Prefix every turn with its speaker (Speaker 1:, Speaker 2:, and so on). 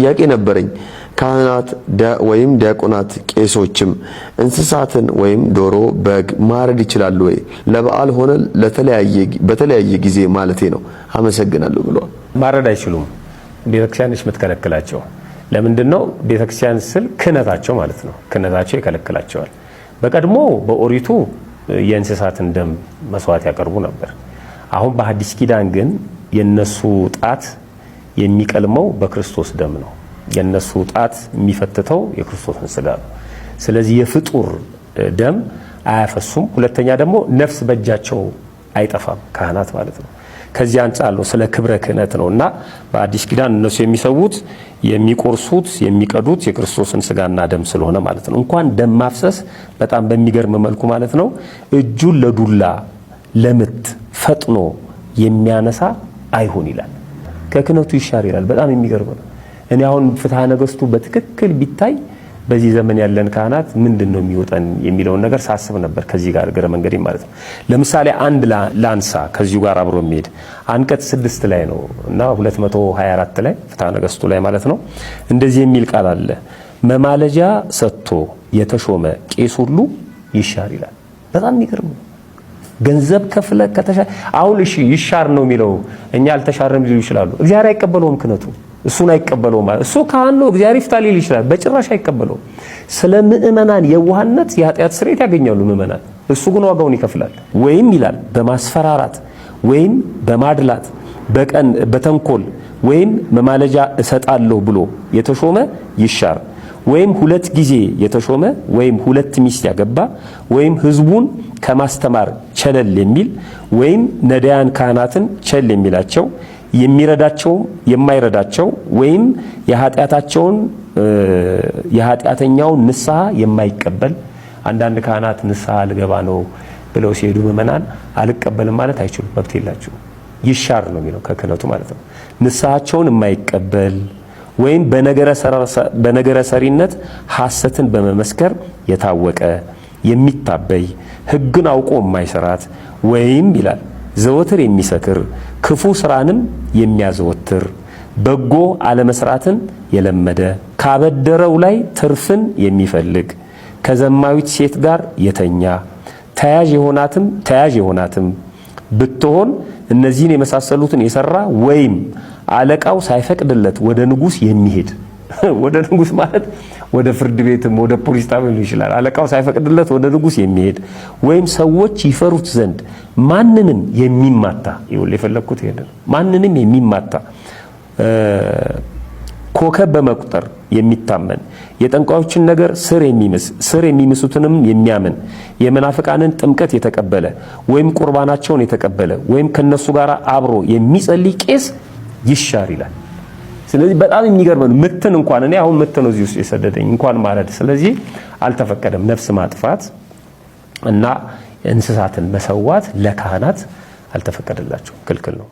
Speaker 1: ጥያቄ ነበረኝ። ካህናት ወይም ዲያቆናት ቄሶችም እንስሳትን ወይም ዶሮ፣ በግ ማረድ ይችላሉ ወይ? ለበዓል ሆነ በተለያየ ጊዜ ማለቴ ነው። አመሰግናለሁ ብለዋል።
Speaker 2: ማረድ አይችሉም። ቤተክርስቲያንሽ የምትከለክላቸው ለምንድን ነው? ቤተክርስቲያን ስል ክህነታቸው ማለት ነው። ክህነታቸው ይከለክላቸዋል። በቀድሞ በኦሪቱ የእንስሳትን ደም መስዋዕት ያቀርቡ ነበር። አሁን በሐዲስ ኪዳን ግን የነሱ ጣት የሚቀልመው በክርስቶስ ደም ነው። የነሱ ጣት የሚፈትተው የክርስቶስን ስጋ ነው። ስለዚህ የፍጡር ደም አያፈሱም። ሁለተኛ ደግሞ ነፍስ በእጃቸው አይጠፋም፣ ካህናት ማለት ነው። ከዚህ አንጻር ነው ስለ ክብረ ክህነት ነው እና በአዲስ ኪዳን እነሱ የሚሰዉት የሚቆርሱት፣ የሚቀዱት የክርስቶስን ስጋና ደም ስለሆነ ማለት ነው። እንኳን ደም ማፍሰስ በጣም በሚገርም መልኩ ማለት ነው እጁን ለዱላ ለምት ፈጥኖ የሚያነሳ አይሁን ይላል። ከክነቱ ይሻር ይላል። በጣም የሚገርም ነው። እኔ አሁን ፍትሐ ነገስቱ በትክክል ቢታይ በዚህ ዘመን ያለን ካህናት ምንድን ነው የሚወጠን የሚለውን ነገር ሳስብ ነበር። ከዚህ ጋር እግረ መንገዴ ማለት ነው። ለምሳሌ አንድ ላንሳ፣ ከዚሁ ጋር አብሮ የሚሄድ አንቀጽ ስድስት ላይ ነው እና 224 ላይ ፍትሐ ነገስቱ ላይ ማለት ነው እንደዚህ የሚል ቃል አለ። መማለጃ ሰጥቶ የተሾመ ቄስ ሁሉ ይሻር ይላል። በጣም የሚገርም ነው። ገንዘብ ከፍለ ከተሻ አሁን እሺ ይሻር ነው የሚለው እኛ አልተሻረም ሊሉ ይችላሉ። እግዚአብሔር አይቀበለውም፣ ክነቱ እሱን አይቀበለውም። እሱ ካህን ነው እግዚአብሔር ይፍታ ሊል ይችላል፣ በጭራሽ አይቀበለውም። ስለ ምእመናን የዋህነት የኃጢአት ስርየት ያገኛሉ ምእመናን። እሱ ግን ዋጋውን ይከፍላል። ወይም ይላል በማስፈራራት ወይም በማድላት በቀን በተንኮል ወይም መማለጃ እሰጣለሁ ብሎ የተሾመ ይሻር ወይም ሁለት ጊዜ የተሾመ ወይም ሁለት ሚስት ያገባ ወይም ህዝቡን ከማስተማር ቸለል የሚል ወይም ነዳያን ካህናትን ቸል የሚላቸው የሚረዳቸውም የማይረዳቸው ወይም የኃጢአታቸውን የኃጢአተኛውን ንስሐ የማይቀበል አንዳንድ ካህናት ንስሐ ልገባ ነው ብለው ሲሄዱ ምእመናን አልቀበልም ማለት አይችሉም። መብት የላቸው ይሻር ነው የሚለው ከክህነቱ ማለት ነው። ንስሐቸውን የማይቀበል ወይም በነገረ ሰሪነት ሐሰትን በመመስከር የታወቀ የሚታበይ ህግን አውቆ የማይሰራት ወይም ይላል ዘወትር የሚሰክር ክፉ ስራንም የሚያዘወትር በጎ አለመስራትን የለመደ ካበደረው ላይ ትርፍን የሚፈልግ ከዘማዊት ሴት ጋር የተኛ ተያዥ የሆናትም ተያዥ የሆናትም ብትሆን እነዚህን የመሳሰሉትን የሰራ ወይም አለቃው ሳይፈቅድለት ወደ ንጉስ የሚሄድ ወደ ንጉስ ማለት ወደ ፍርድ ቤትም ወደ ፖሊስ ጣቢያ ሊሆን ይችላል። አለቃው ሳይፈቅድለት ወደ ንጉስ የሚሄድ ወይም ሰዎች ይፈሩት ዘንድ ማንንም የሚማታ ይኸውልህ፣ የፈለግኩት ይሄ ነው። ማንንም የሚማታ ኮከብ በመቁጠር የሚታመን የጠንቋዮችን ነገር ስር የሚምስ ስር የሚምሱትንም የሚያምን የመናፍቃንን ጥምቀት የተቀበለ ወይም ቁርባናቸውን የተቀበለ ወይም ከነሱ ጋር አብሮ የሚጸልይ ቄስ ይሻር ይላል። ስለዚህ በጣም የሚገርም ነው። ምትን እንኳን እኔ አሁን ምትን እዚህ ውስጥ የሰደደኝ እንኳን ማረድ። ስለዚህ አልተፈቀደም ነፍስ ማጥፋት እና እንስሳትን መሰዋት ለካህናት አልተፈቀደላቸው፣ ክልክል ነው።